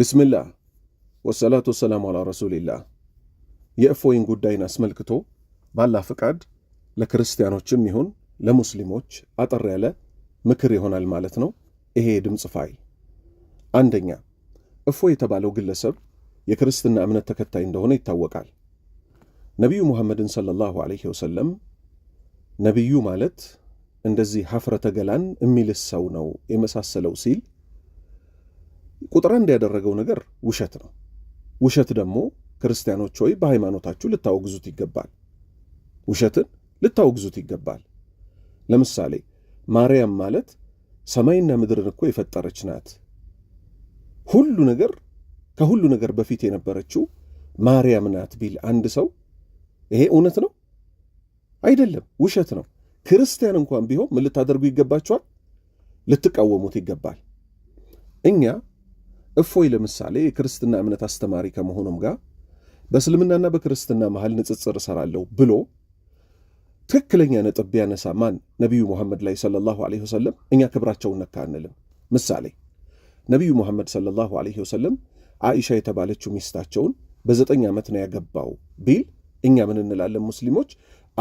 ብስምላህ ወሰላቱ ወሰላሙ አላ ረሱሊላህ የእፎይን ጉዳይን አስመልክቶ ባላህ ፍቃድ ለክርስቲያኖችም ይሁን ለሙስሊሞች አጠር ያለ ምክር ይሆናል ማለት ነው። ይሄ ድምፅ ፋይል አንደኛ፣ እፎ የተባለው ግለሰብ የክርስትና እምነት ተከታይ እንደሆነ ይታወቃል። ነቢዩ ሙሐመድን ሰለላሁ ዐለይሂ ወሰለም ነቢዩ ማለት እንደዚህ ሀፍረተ ገላን የሚልስ ሰው ነው የመሳሰለው ሲል ቁጥር አንድ ያደረገው ነገር ውሸት ነው። ውሸት ደግሞ ክርስቲያኖች ሆይ በሃይማኖታችሁ ልታወግዙት ይገባል። ውሸትን ልታወግዙት ይገባል። ለምሳሌ ማርያም ማለት ሰማይና ምድርን እኮ የፈጠረች ናት። ሁሉ ነገር ከሁሉ ነገር በፊት የነበረችው ማርያም ናት ቢል አንድ ሰው ይሄ እውነት ነው አይደለም፣ ውሸት ነው። ክርስቲያን እንኳን ቢሆን ምን ልታደርጉ ይገባችኋል? ልትቃወሙት ይገባል። እኛ እፎይ ለምሳሌ የክርስትና እምነት አስተማሪ ከመሆኑም ጋር በእስልምናና በክርስትና መሀል ንጽጽር እሰራለሁ ብሎ ትክክለኛ ነጥብ ቢያነሳ ማን ነቢዩ ሙሐመድ ላይ ሰለላሁ ዐለይሂ ወሰለም እኛ ክብራቸውን ነካ አንልም። ምሳሌ ነቢዩ ሙሐመድ ሰለላሁ ዐለይሂ ወሰለም አኢሻ የተባለችው ሚስታቸውን በዘጠኝ ዓመት ነው ያገባው ቢል እኛ ምን እንላለን ሙስሊሞች?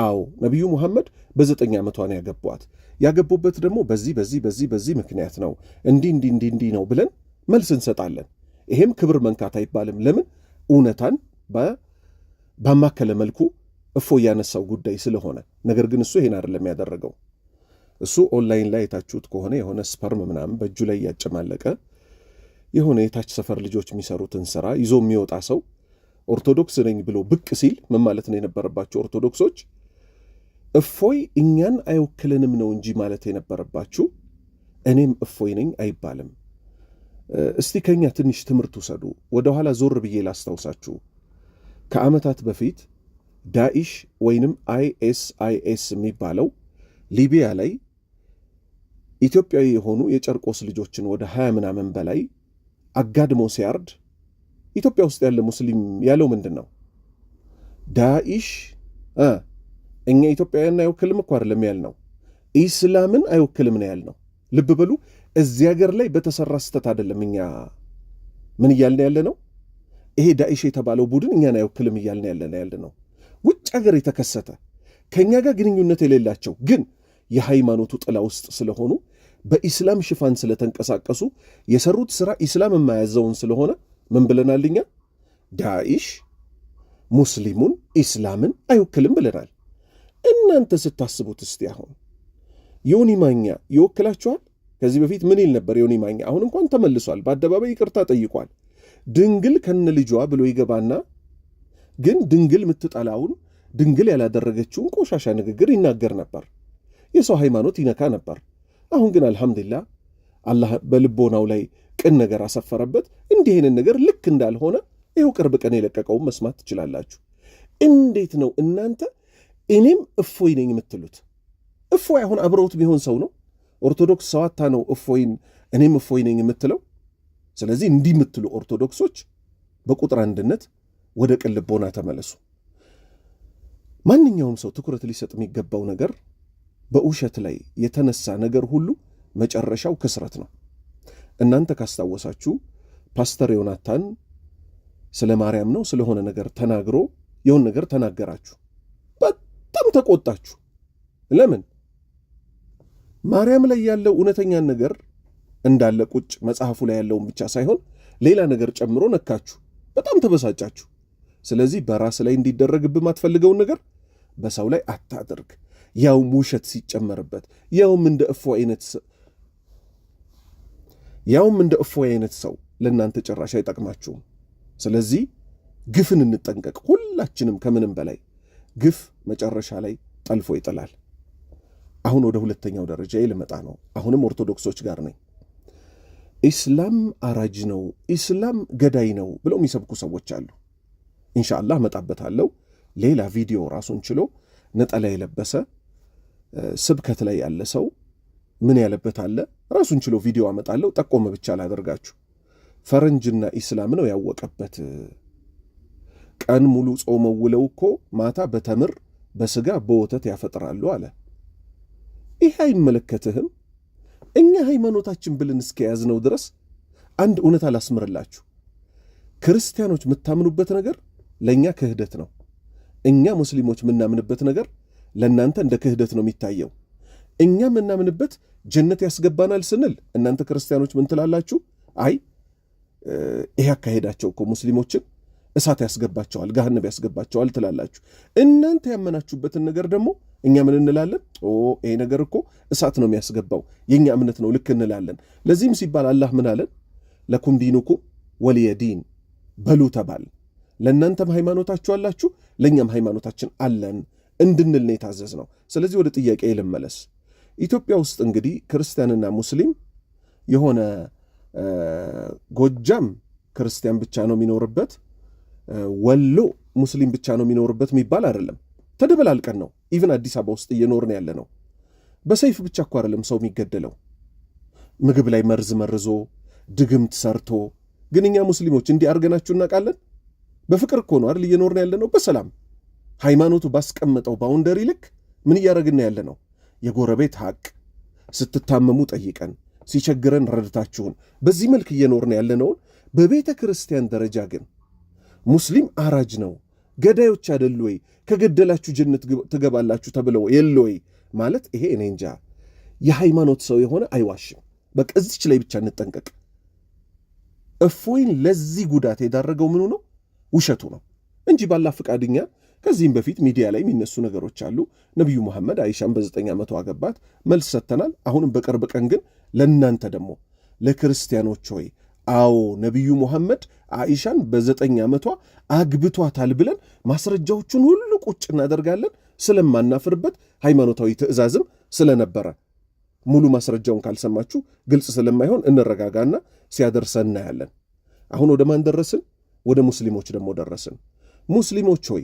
አዎ ነቢዩ ሙሐመድ በዘጠኝ ዓመቷ ነው ያገቧት። ያገቡበት ደግሞ በዚህ በዚህ በዚህ በዚህ ምክንያት ነው እንዲህ እንዲህ እንዲህ እንዲህ ነው ብለን መልስ እንሰጣለን። ይሄም ክብር መንካት አይባልም። ለምን እውነታን ባማከለ መልኩ እፎ ያነሳው ጉዳይ ስለሆነ። ነገር ግን እሱ ይሄን አይደለም ያደረገው። እሱ ኦንላይን ላይ የታችሁት ከሆነ የሆነ ስፐርም ምናምን በእጁ ላይ ያጨማለቀ የሆነ የታች ሰፈር ልጆች የሚሰሩትን ስራ ይዞ የሚወጣ ሰው ኦርቶዶክስ ነኝ ብሎ ብቅ ሲል ምን ማለት ነው የነበረባቸው ኦርቶዶክሶች? እፎይ እኛን አይወክለንም ነው እንጂ ማለት የነበረባችሁ። እኔም እፎይ ነኝ አይባልም። እስቲ ከኛ ትንሽ ትምህርት ውሰዱ። ኋላ ዞር ብዬ ላስታውሳችሁ። ከዓመታት በፊት ዳኢሽ ወይንም አይኤስአይኤስ የሚባለው ሊቢያ ላይ ኢትዮጵያዊ የሆኑ የጨርቆስ ልጆችን ወደ ሀያ ምናምን በላይ አጋድሞ ሲያርድ ኢትዮጵያ ውስጥ ያለ ሙስሊም ያለው ምንድን ነው? ዳኢሽ እኛ ኢትዮጵያውያን አይወክልም እኮ አይደለም ያል ነው፣ ኢስላምን አይወክልም ነው ያል ነው። ልብ በሉ እዚህ ሀገር ላይ በተሰራ ስህተት አይደለም። እኛ ምን እያልን ያለ ነው? ይሄ ዳኢሽ የተባለው ቡድን እኛን አይወክልም እያልን ያለን ያለ ነው። ውጭ ሀገር የተከሰተ ከእኛ ጋር ግንኙነት የሌላቸው ግን የሃይማኖቱ ጥላ ውስጥ ስለሆኑ በኢስላም ሽፋን ስለተንቀሳቀሱ የሰሩት ስራ ኢስላም የማያዘውን ስለሆነ ምን ብለናል እኛ ዳኢሽ ሙስሊሙን ኢስላምን አይወክልም ብለናል። እናንተ ስታስቡት እስቲ አሁን ዮኒ ማኛ ይወክላችኋል? ከዚህ በፊት ምን ይል ነበር ዮኒ ማኛ? አሁን እንኳን ተመልሷል፣ በአደባባይ ይቅርታ ጠይቋል። ድንግል ከነ ልጇ ብሎ ይገባና ግን ድንግል የምትጠላውን ድንግል ያላደረገችውን ቆሻሻ ንግግር ይናገር ነበር። የሰው ሃይማኖት ይነካ ነበር። አሁን ግን አልሐምዱሊላህ አላህ በልቦናው ላይ ቅን ነገር አሰፈረበት። እንዲህ አይነት ነገር ልክ እንዳልሆነ ይኸው ቅርብ ቀን የለቀቀውን መስማት ትችላላችሁ። እንዴት ነው እናንተ እኔም እፎይ ነኝ የምትሉት? እፎይ አሁን አብረውት ቢሆን ሰው ነው ኦርቶዶክስ ሰዋታ ነው እፎይን እኔም እፎይ ነኝ የምትለው። ስለዚህ እንዲህ የምትሉ ኦርቶዶክሶች በቁጥር አንድነት ወደ ቅልቦና ተመለሱ። ማንኛውም ሰው ትኩረት ሊሰጥ የሚገባው ነገር በውሸት ላይ የተነሳ ነገር ሁሉ መጨረሻው ክስረት ነው። እናንተ ካስታወሳችሁ ፓስተር ዮናታን ስለ ማርያም ነው ስለሆነ ነገር ተናግሮ የሆን ነገር ተናገራችሁ፣ በጣም ተቆጣችሁ። ለምን ማርያም ላይ ያለው እውነተኛን ነገር እንዳለ ቁጭ መጽሐፉ ላይ ያለውን ብቻ ሳይሆን ሌላ ነገር ጨምሮ ነካችሁ፣ በጣም ተበሳጫችሁ። ስለዚህ በራስ ላይ እንዲደረግብህ ማትፈልገውን ነገር በሰው ላይ አታድርግ፣ ያውም ውሸት ሲጨመርበት፣ ያውም እንደ እፎ አይነት ያውም እንደ እፎ አይነት ሰው ለእናንተ ጭራሽ አይጠቅማችሁም። ስለዚህ ግፍን እንጠንቀቅ ሁላችንም። ከምንም በላይ ግፍ መጨረሻ ላይ ጠልፎ ይጥላል። አሁን ወደ ሁለተኛው ደረጃ ልመጣ ነው። አሁንም ኦርቶዶክሶች ጋር ነኝ። ኢስላም አራጅ ነው፣ ኢስላም ገዳይ ነው ብለው የሚሰብኩ ሰዎች አሉ። ኢንሻአላህ እመጣበታለሁ። ሌላ ቪዲዮ ራሱን ችሎ ነጠላ የለበሰ ስብከት ላይ ያለ ሰው ምን ያለበት አለ፣ ራሱን ችሎ ቪዲዮ አመጣለሁ። ጠቆመ ብቻ ላደርጋችሁ። ፈረንጅና ኢስላም ነው ያወቀበት። ቀን ሙሉ ጾመው ውለው እኮ ማታ በተምር በስጋ በወተት ያፈጥራሉ አለ። ይሄ አይመለከትህም። እኛ ሃይማኖታችን ብለን እስከያዝነው ድረስ አንድ እውነት አላስምርላችሁ። ክርስቲያኖች የምታምኑበት ነገር ለእኛ ክህደት ነው። እኛ ሙስሊሞች የምናምንበት ነገር ለእናንተ እንደ ክህደት ነው የሚታየው። እኛ የምናምንበት ጀነት ያስገባናል ስንል እናንተ ክርስቲያኖች ምን ትላላችሁ? አይ ይሄ አካሄዳቸው እኮ ሙስሊሞችን እሳት ያስገባቸዋል፣ ገሃነብ ያስገባቸዋል ትላላችሁ። እናንተ ያመናችሁበትን ነገር ደግሞ እኛ ምን እንላለን? ይሄ ነገር እኮ እሳት ነው የሚያስገባው፣ የእኛ እምነት ነው ልክ እንላለን። ለዚህም ሲባል አላህ ምን አለን? ለኩም ዲኑኩም ወሊየ ዲን በሉ ተባል። ለእናንተም ሃይማኖታችሁ አላችሁ፣ ለእኛም ሃይማኖታችን አለን እንድንል ነው የታዘዝ ነው። ስለዚህ ወደ ጥያቄ ልመለስ። ኢትዮጵያ ውስጥ እንግዲህ ክርስቲያንና ሙስሊም የሆነ ጎጃም ክርስቲያን ብቻ ነው የሚኖርበት ወሎ ሙስሊም ብቻ ነው የሚኖርበት የሚባል አይደለም። ተደበላልቀን ነው ኢቨን አዲስ አበባ ውስጥ እየኖርን ያለ ነው። በሰይፍ ብቻ እኮ አይደለም ሰው የሚገደለው ምግብ ላይ መርዝ መርዞ ድግምት ሰርቶ። ግን እኛ ሙስሊሞች እንዲህ አድርገናችሁ እናውቃለን? በፍቅር እኮ ነው አይደል እየኖርን ያለ ነው። በሰላም ሃይማኖቱ ባስቀመጠው ባውንደሪ ልክ ምን እያደረግን ያለ ነው? የጎረቤት ሐቅ ስትታመሙ ጠይቀን ሲቸግረን ረድታችሁን፣ በዚህ መልክ እየኖርን ያለነውን በቤተ ክርስቲያን ደረጃ ግን ሙስሊም አራጅ ነው፣ ገዳዮች አይደሉ ወይ? ከገደላችሁ ጀነት ትገባላችሁ ተብለው የለ ወይ? ማለት ይሄ እኔ እንጃ። የሃይማኖት ሰው የሆነ አይዋሽም። በቃ እዚች ላይ ብቻ እንጠንቀቅ። እፎይን ለዚህ ጉዳት የዳረገው ምኑ ነው? ውሸቱ ነው እንጂ ባላ ፍቃድኛ ከዚህም በፊት ሚዲያ ላይ የሚነሱ ነገሮች አሉ። ነቢዩ መሐመድ አይሻን በዘጠኝ ዓመቱ አገባት። መልስ ሰጥተናል። አሁንም በቅርብ ቀን ግን ለእናንተ ደግሞ ለክርስቲያኖች ሆይ አዎ ነቢዩ ሙሐመድ አኢሻን በዘጠኝ ዓመቷ አግብቷታል ብለን ማስረጃዎቹን ሁሉ ቁጭ እናደርጋለን ስለማናፍርበት ሃይማኖታዊ ትእዛዝም ስለነበረ ሙሉ ማስረጃውን ካልሰማችሁ ግልጽ ስለማይሆን እንረጋጋና ሲያደርሰ እናያለን። አሁን ወደ ማን ደረስን? ወደ ሙስሊሞች ደግሞ ደረስን። ሙስሊሞች ሆይ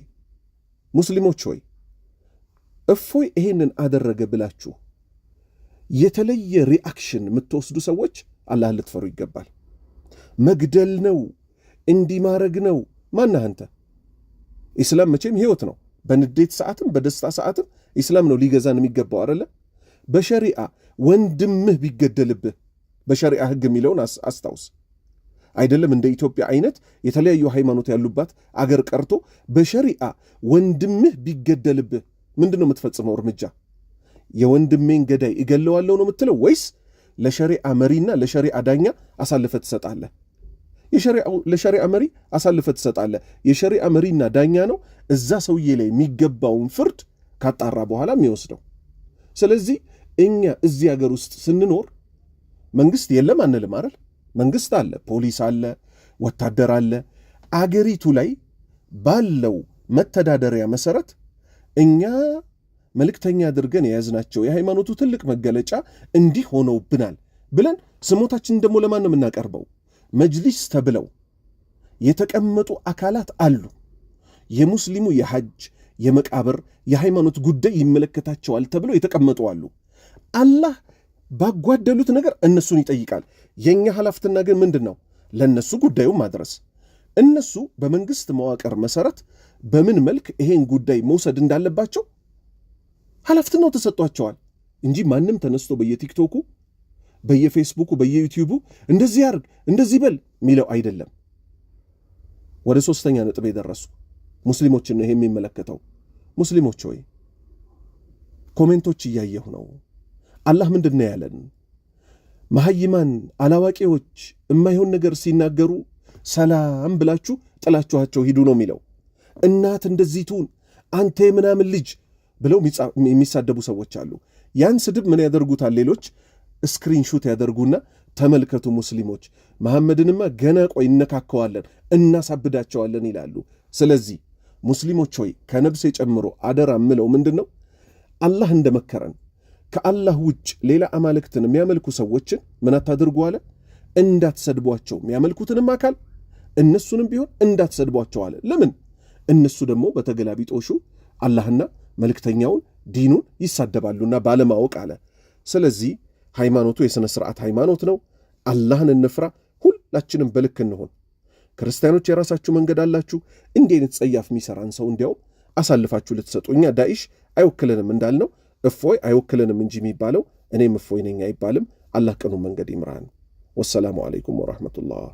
ሙስሊሞች ሆይ እፎይ ይሄንን አደረገ ብላችሁ የተለየ ሪአክሽን የምትወስዱ ሰዎች አላህ ልትፈሩ ይገባል። መግደል ነው፣ እንዲህ ማረግ ነው። ማነህ አንተ? ኢስላም መቼም ህይወት ነው። በንዴት ሰዓትም በደስታ ሰዓትም ኢስላም ነው ሊገዛን የሚገባው አደለ? በሸሪአ ወንድምህ ቢገደልብህ በሸሪአ ህግ የሚለውን አስታውስ። አይደለም እንደ ኢትዮጵያ አይነት የተለያዩ ሃይማኖት ያሉባት አገር ቀርቶ በሸሪአ ወንድምህ ቢገደልብህ ምንድን ነው የምትፈጽመው እርምጃ? የወንድሜን ገዳይ እገለዋለሁ ነው የምትለው ወይስ ለሸሪአ መሪና ለሸሪአ ዳኛ አሳልፈ ትሰጣለህ? ለሸሪዓ መሪ አሳልፈ ትሰጣለ። የሸሪዓ መሪና ዳኛ ነው እዛ ሰውዬ ላይ የሚገባውን ፍርድ ካጣራ በኋላ የሚወስደው። ስለዚህ እኛ እዚህ ሀገር ውስጥ ስንኖር መንግስት የለም አንልም አይደል? መንግስት አለ፣ ፖሊስ አለ፣ ወታደር አለ። አገሪቱ ላይ ባለው መተዳደሪያ መሰረት እኛ መልእክተኛ አድርገን የያዝናቸው የሃይማኖቱ ትልቅ መገለጫ እንዲህ ሆነውብናል ብለን ስሞታችን ደግሞ ለማን ነው የምናቀርበው? መጅሊስ ተብለው የተቀመጡ አካላት አሉ። የሙስሊሙ የሐጅ የመቃብር የሃይማኖት ጉዳይ ይመለከታቸዋል ተብለው የተቀመጡ አሉ። አላህ ባጓደሉት ነገር እነሱን ይጠይቃል። የእኛ ኃላፊትና ግን ምንድን ነው? ለእነሱ ጉዳዩን ማድረስ። እነሱ በመንግሥት መዋቅር መሠረት በምን መልክ ይሄን ጉዳይ መውሰድ እንዳለባቸው ኃላፊትናው ተሰጥቷቸዋል እንጂ ማንም ተነስቶ በየቲክቶኩ በየፌስቡኩ በየዩቲዩቡ እንደዚህ ያርግ እንደዚህ በል የሚለው አይደለም። ወደ ሶስተኛ ነጥብ የደረሱ ሙስሊሞችን ነው ይሄ የሚመለከተው። ሙስሊሞች ሆይ ኮሜንቶች እያየሁ ነው። አላህ ምንድን ነው ያለን? መሐይማን አላዋቂዎች የማይሆን ነገር ሲናገሩ ሰላም ብላችሁ ጥላችኋቸው ሂዱ ነው የሚለው። እናት እንደዚህ ትሁን አንተ ምናምን ልጅ ብለው የሚሳደቡ ሰዎች አሉ። ያን ስድብ ምን ያደርጉታል ሌሎች ስክሪንሹት ያደርጉና ተመልከቱ ሙስሊሞች መሐመድንማ ገና ቆይ እነካከዋለን እናሳብዳቸዋለን ይላሉ። ስለዚህ ሙስሊሞች ሆይ ከነብሴ ጨምሮ አደራ ምለው ምንድን ነው አላህ እንደ መከረን ከአላህ ውጭ ሌላ አማልክትን የሚያመልኩ ሰዎችን ምን አታድርጉ አለ እንዳትሰድቧቸው። የሚያመልኩትንም አካል እነሱንም ቢሆን እንዳትሰድቧቸው አለ። ለምን እነሱ ደግሞ በተገላቢጦሹ አላህና መልክተኛውን ዲኑን ይሳደባሉና ባለማወቅ አለ። ስለዚህ ሃይማኖቱ የሥነ ሥርዓት ሃይማኖት ነው። አላህን እንፍራ። ሁላችንም በልክ እንሆን። ክርስቲያኖች የራሳችሁ መንገድ አላችሁ። እንዲህ አይነት ጸያፍ የሚሰራን ሰው እንዲያውም አሳልፋችሁ ልትሰጡ እኛ ዳኢሽ አይወክልንም እንዳልነው እፎይ አይወክልንም እንጂ የሚባለው እኔም እፎይ ነኝ አይባልም። አላህ ቀኑ መንገድ ይምራን። ወሰላሙ አለይኩም ወረሕመቱላህ